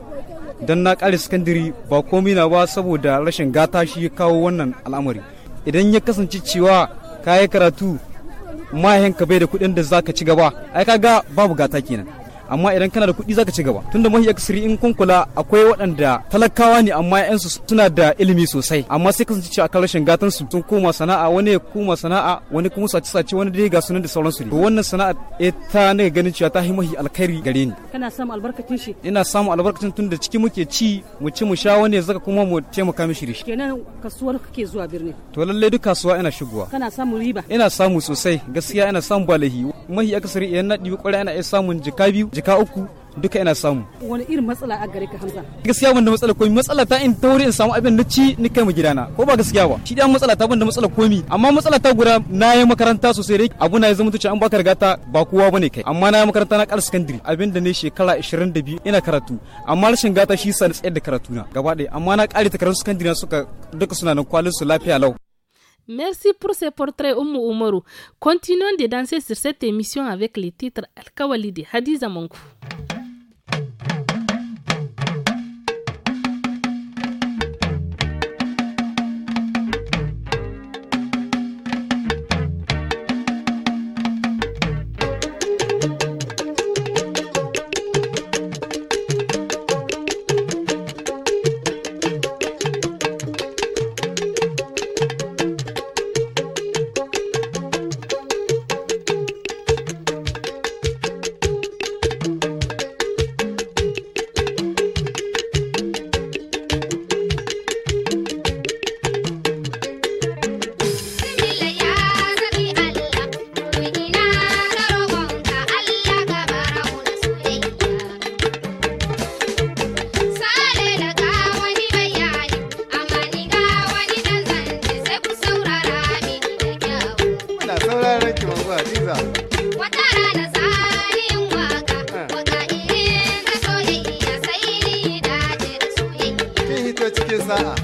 P: don na kare sakandiri ba komi na ba saboda rashin gata shi ya kawo wannan al'amari idan ya kasance cewa kayi karatu ka bai da kuɗin da zaka ci gaba ai kaga babu gata kenan amma idan kana da kuɗi zaka ci gaba tunda mahi aksiri in kun kula akwai waɗanda talakawa ne amma ƴansu suna da ilimi sosai amma sai kasance cewa kan rashin gatan su sun koma sana'a wani ya koma sana'a wani kuma sace sace wani dai ga sunan da sauransu to wannan sana'a ita eh, ne ganin cewa ta yi mahi alkhairi gare ni kana samu albarkacin shi ina samu albarkacin tunda ciki muke ci mu ci mu sha wani zaka kuma mu taimaka mishi rishi. shi
B: kenan kasuwar kake zuwa birni
P: to lalle duk kasuwa ina shigowa
B: kana samu riba
P: ina samu sosai gaskiya ina samu balahi mahi akasari idan na ɗibi ƙwarai ana iya samun jika biyu jika uku duka ina samu
B: wani irin matsala a gare ka hamza
P: gaskiya ban da matsala komi matsala ta in ta wuri in samu abin na ci ni kai mu gidana ko ba gaskiya ba shi dan matsala ta ban da matsala komi amma matsala ta guda na yi makaranta sosai dai abu na ya zama tuce an baka rigata ba kowa bane kai amma na yi makaranta na karshen secondary abin da ne shekara 22 ina karatu amma rashin gata shi sa na tsayar da karatu na gaba ɗaya amma na kare ta karatu secondary suka duka suna nan kwalin su lafiya lau
B: Merci pour ce portrait, Oumu Oumaru. Continuons de danser sur cette émission avec les titres Al-Kawali de Hadiza Mankou.
F: 单啊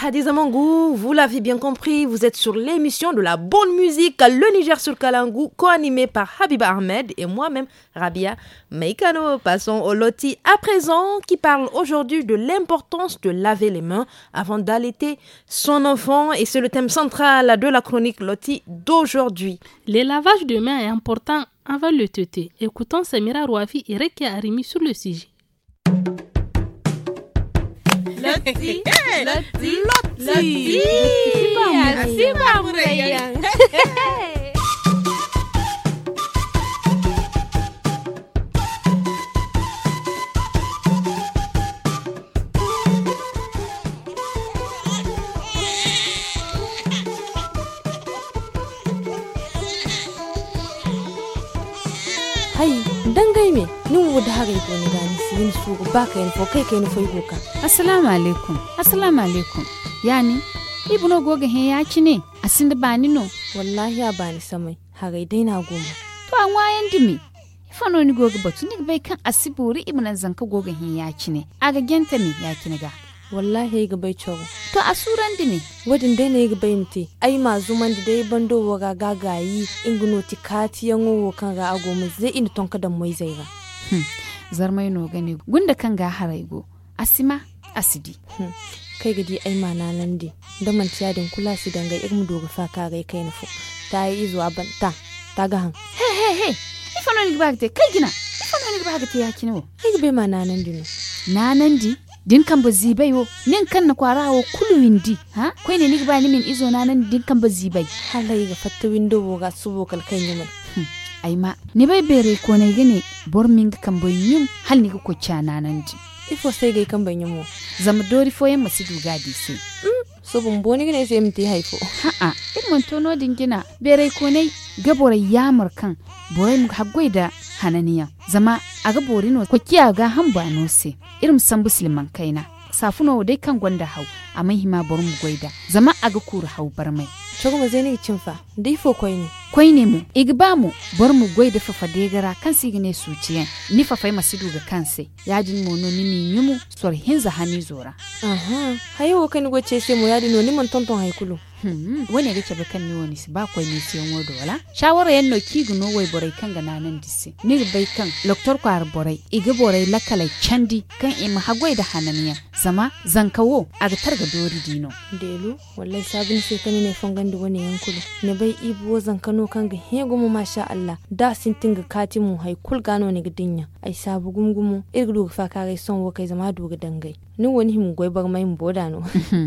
D: Hadiza Amangou, vous l'avez bien compris, vous êtes sur l'émission de la bonne musique Le Niger sur Kalangou, co-animée par Habiba Ahmed et moi-même Rabia Meikano. Passons au loti à présent qui parle aujourd'hui de l'importance de laver les mains avant d'allaiter son enfant et c'est le thème central de la chronique loti d'aujourd'hui.
B: Les lavages de mains est important avant le tété. Écoutons Samira Rouafi et Rekia Arimi sur le sujet. Loti. Loti. Loti. Loti. Loti.
O: baka info kai kai ni foigo ka assalamu alaikum assalamu alaikum yani ibno goga he ya ci ne ba ni no wallahi ya ni samai harai dai na goma to an wayan dimi ifano ni goga batu ni bai kan asibori ibnan zanka goga he ya ci ne aga genta ne ya kiniga wallahi ga bai coro. to a suran dimi. wadin dai ne ga bai muti ai ma zuman da dai bando ga gagayi ingino tikati yan wo kan ga goma zai ina tonka da mai zai ga hmm. zarmai no gane gunda kan ga haraigo asima asidi hmm. kai gidi ai mana nan di da man tiyadin kula si danga irin dogo fa ka gai kai nufu ta yi izo ban ta ta ga han he he he ifano ni gbagte kai gina ifano ga gbagte ya kinwo kai gbe mana nan di na nan di din kan ba zibai wo nin kan na kwara wo kuluwin di ha kai ne ni ba ni min izo na nan din kan ba zibai halai ga fatta window ga subo kalkai ne aima ni bay bere konaygane bor borming kan yum hal ni ko ji ifo kan kamba mu zama dori fo yamma sidu gadi se mm. so bun boni gane sai ti haifo ha'a mun tono dingina bere konai gaborai ya kan bore mu haggoi da hananiya zama a gabori no ko kiya ga hanba no se irin san musliman kaina safuno dai kan gwanda hau a mahima bari mu gwaida zama a ga kura hau bar mai chogo zai ne cin fa dai fo koi ne koi ne mu igba mu bar mu gwaida fa gara kan su suciyan ni fa fai masidu ga sai yajin mu no ni ni nyumu sor za hani zora
D: aha hayo kan ce sai mu yadi no ni mun tonton
O: haikulu kulu hmm, wani ga cebe kan niwo nisi ba kwai nisi yan wodo wala shawara yan ki guno wai borai kan ga nanan disi ni bai kan loktor kwar borai igi borai lakala candi kan ma hagwai da hananiya zama zankawo a ga targa dori dino delu wallahi sabin sai kani ne fangan da wani yankulu ne bai ibu wazan
D: kano kan ga hego mu masha Allah da sin tinga kati mu gano ne gidinya ai sabu gumgumu irgu fa ka son wakai zama doga dangai ni woni him goybar mai boda no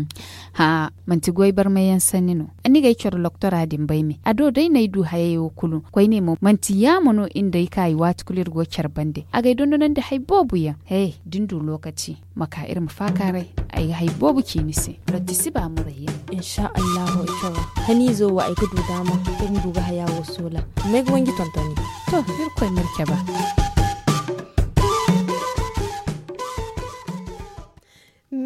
O: ha manti goybar mai yan sani no ani ga ikyor loktor adin bai a ado dai nay du haye yo kulu koy ne mo manti ya mono inda kai wat kulir go charbande aga don nan da hay bobu ya hey dindu lokaci maka irin fakare ai hay bobu kini se ba mura muraye insha Allah ikyor hani zo wa ai du dama kun duga haya wo sola mai gwangi tantani to ir kwai mirke ba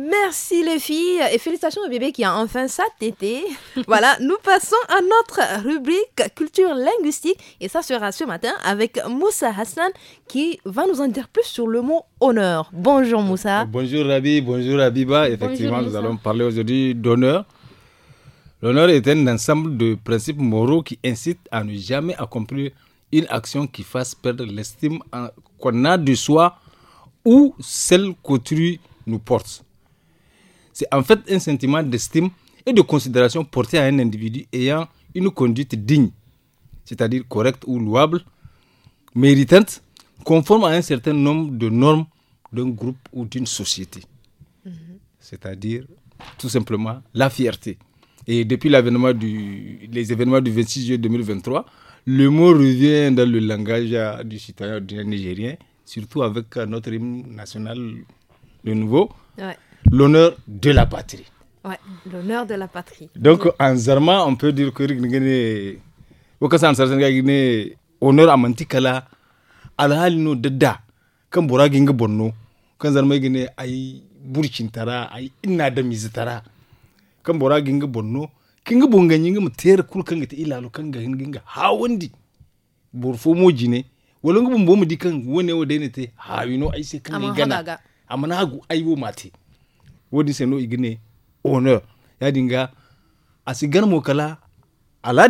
D: Merci les filles et félicitations au bébé qui a enfin sa tétée. voilà, nous passons à notre rubrique culture linguistique et ça sera ce matin avec Moussa Hassan qui va nous en dire plus sur le mot honneur. Bonjour Moussa.
I: Euh, bonjour Rabi, bonjour Abiba. Effectivement, nous allons parler aujourd'hui d'honneur. L'honneur est un ensemble de principes moraux qui incitent à ne jamais accomplir une action qui fasse perdre l'estime qu'on a de soi ou celle qu'autrui nous porte. C'est en fait un sentiment d'estime et de considération porté à un individu ayant une conduite digne, c'est-à-dire correcte ou louable, méritante, conforme à un certain nombre de normes d'un groupe ou d'une société. Mhm. C'est-à-dire tout simplement la fierté. Et depuis du, les événements du 26 juillet 2023, le mot revient dans le langage euh, du citoyen nigérien, surtout avec euh, notre hymne national, de nouveau. Ouais l'honneur de la patrie.
D: Ouais, l'honneur de la patrie. Donc oui.
I: en Zarma, on peut dire que Rigné, Wakasan Sarsanga Rigné, honneur à Mantikala, alhalino dada, kan Boragin Borno, kan Zarma Gine, aïe Burchintara, aïe Inadamizitara, Mizitara, kan Boragin Borno, kinga bunganyi mu tera kul kanga ta ilalo kanga hinga hawandi burfo moji ne walungu bumbo mu dikan te hawino
B: gana
I: hagu wodi se no igine honor ya dinga asigan mo kala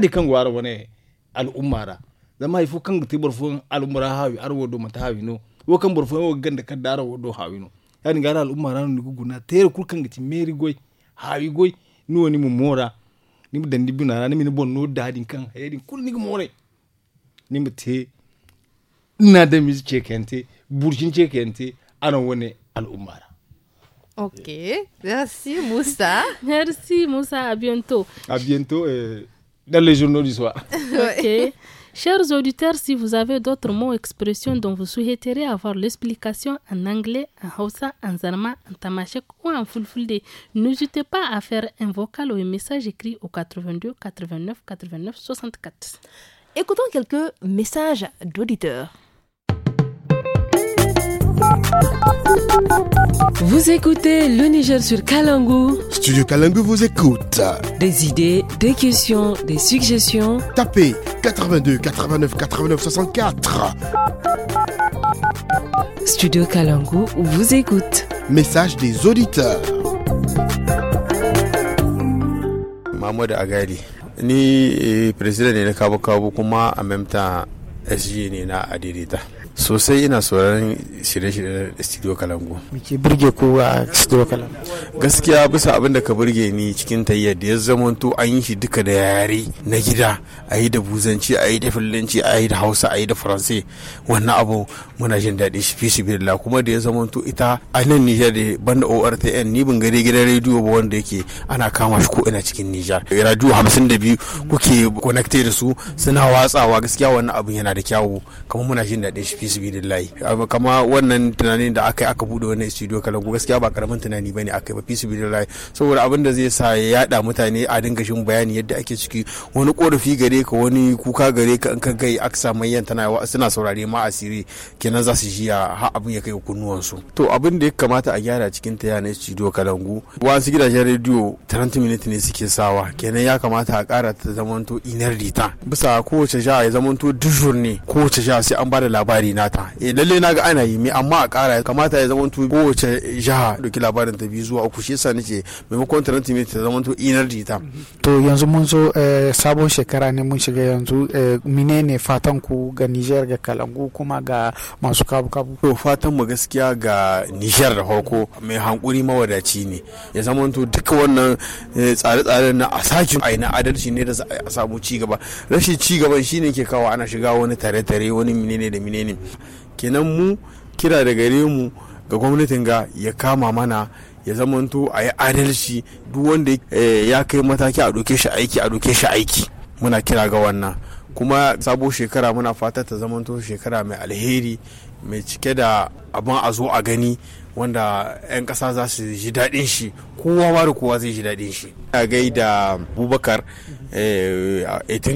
I: di kan gwara wane al'ummara zama ifo kan ti al al'ummara hawi arwo do mata hawi no wo kan borfon wo ganda kan dara wo do hawi no ya dinga al al'ummara no guguna tere kul kan ti meri goy hawi goy n'o woni mu mora ni mu dandi bina ni mi bon no dadi kan hayadin kul ni more ni mu te ina da mi ce kente burjin ce kente ana al umara.
B: Ok, merci Moussa. Merci Moussa, à bientôt.
I: À bientôt dans les journaux du soir.
B: ok. Chers auditeurs, si vous avez d'autres mots, expressions dont vous souhaiteriez avoir l'explication en anglais, en Hausa, en Zarma, en Tamashek ou en Fulfulde, n'hésitez pas à faire un vocal ou un message écrit au 82 89 89 64. Écoutons quelques messages d'auditeurs.
O: Vous écoutez le Niger sur Kalangu.
Q: Studio Kalangu vous écoute. Des idées, des questions, des suggestions. Tapez 82 89 89 64. Studio Kalangu vous écoute. Message des auditeurs. Mahmoud Agali. Ni eh, président de en même temps SG Adirita. sosai ina sauraron shirye-shirye studio kalangu muke burge kowa a studio kalangu gaskiya bisa abin da ka burge ni cikin tayyar da ya to an yi shi duka da yare na gida a yi da buzanci a yi da fillanci a yi da hausa a yi da faransai wannan abu muna jin daɗin shi fi sibirla kuma da ya to ita a nan nijar da banda ortn ni ban gare gidan rediyo ba wanda yake ana kama shi ko ina cikin nijar radiyo hamsin da biyu kuke connected da su suna watsawa gaskiya wannan abin yana da kyawu kamar muna jin daɗin shi fi kama wannan tunanin da aka yi aka bude wannan studio kalangu gaskiya ba karamin tunani bane aka yi ba fi sabilillahi saboda abin da zai sa ya yada mutane a dinga shin bayani yadda ake ciki wani korafi gare ka wani kuka gare ka in ka gai aka samu yan tana suna saurare ma asiri kenan za su jiya ha abin ya kai kunnuwan su to abin da ya kamata a gyara cikin ta yana studio kalangu su gidajen rediyo 30 minutes ne suke sawa kenan ya kamata a kara ta zamanto inar rita bisa kowace sha ya zamanto dujur ne kowace sha sai an ba da labari nata eh lalle na ga ana yi me amma a kara kamata ya zamanto kowace jiha doki labarin ta biyu zuwa uku shi yasa nace maimakon talenti mai ta zamanto inar ta
F: to yanzu mun zo eh, sabon shekara ne mun shiga yanzu eh, menene fatan ku ga Niger ga Kalangu kuma ga masu kabu kabu to
Q: fatan mu gaskiya ga Niger da farko mai hankuri mawadaci ne ya zamanto duka wannan eh, tsare-tsare na a sake a na adalci ne da a samu ci gaba rashin ci gaban shine ke kawo ana shiga wani tare-tare wani menene da menene kenan mu kira da gare mu ga gwamnatin ga ya kama mana ya zamanto a yi adalci duk wanda eh, ya kai mataki a doke shi aiki a doke shi aiki muna kira ga wannan kuma sabo shekara muna fata ta zamanto shekara mai alheri mai cike da abin a zo a gani wanda 'yan kasa za su ji daɗin shi kowa ma da kowa zai ji daɗin shi a da bubakar eh,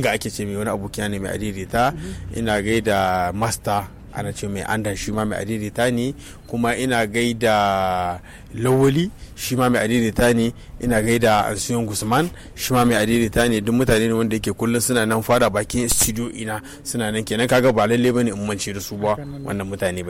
Q: ga ake ce mai wani abokiya ne mai adirita ina gai da masta ana ce mai andan shi ma mai adidita ne kuma ina gaida lawali shi ma mai adidita ne ina gaida ansiyon guzman shi ma mai adidita ne duk mutane ne wanda yake kullum suna nan fara bakin studio ina suna nan kenan kaga ba lalle bane in mance da su ba wannan mutane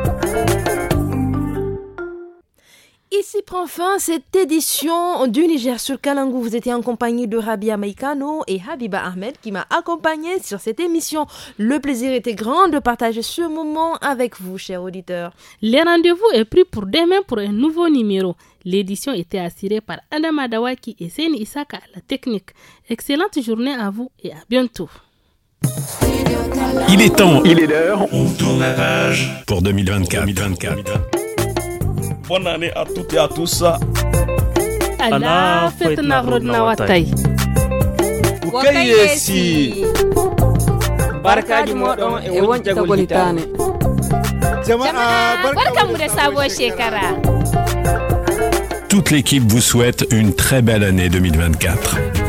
D: Ici prend fin cette édition du Niger sur Kalangou. Vous étiez en compagnie de Rabia Meikano et Habiba Ahmed qui m'a accompagné sur cette émission. Le plaisir était grand de partager ce moment
B: avec vous, chers auditeurs. Les rendez-vous est pris pour demain pour un nouveau numéro. L'édition était assurée par Adam Adawaki et Seine Isaka la technique. Excellente journée à vous et à bientôt.
N: Il est temps, il est l'heure.
A: pour 2024 bonne année à toutes et à tous.
B: ala fetna rodna wattay ko kayesi barkaji moɗon e woncagol hitane jama'a barkamu da sabuwar shekara
C: Toute l'équipe vous souhaite une très belle année 2024.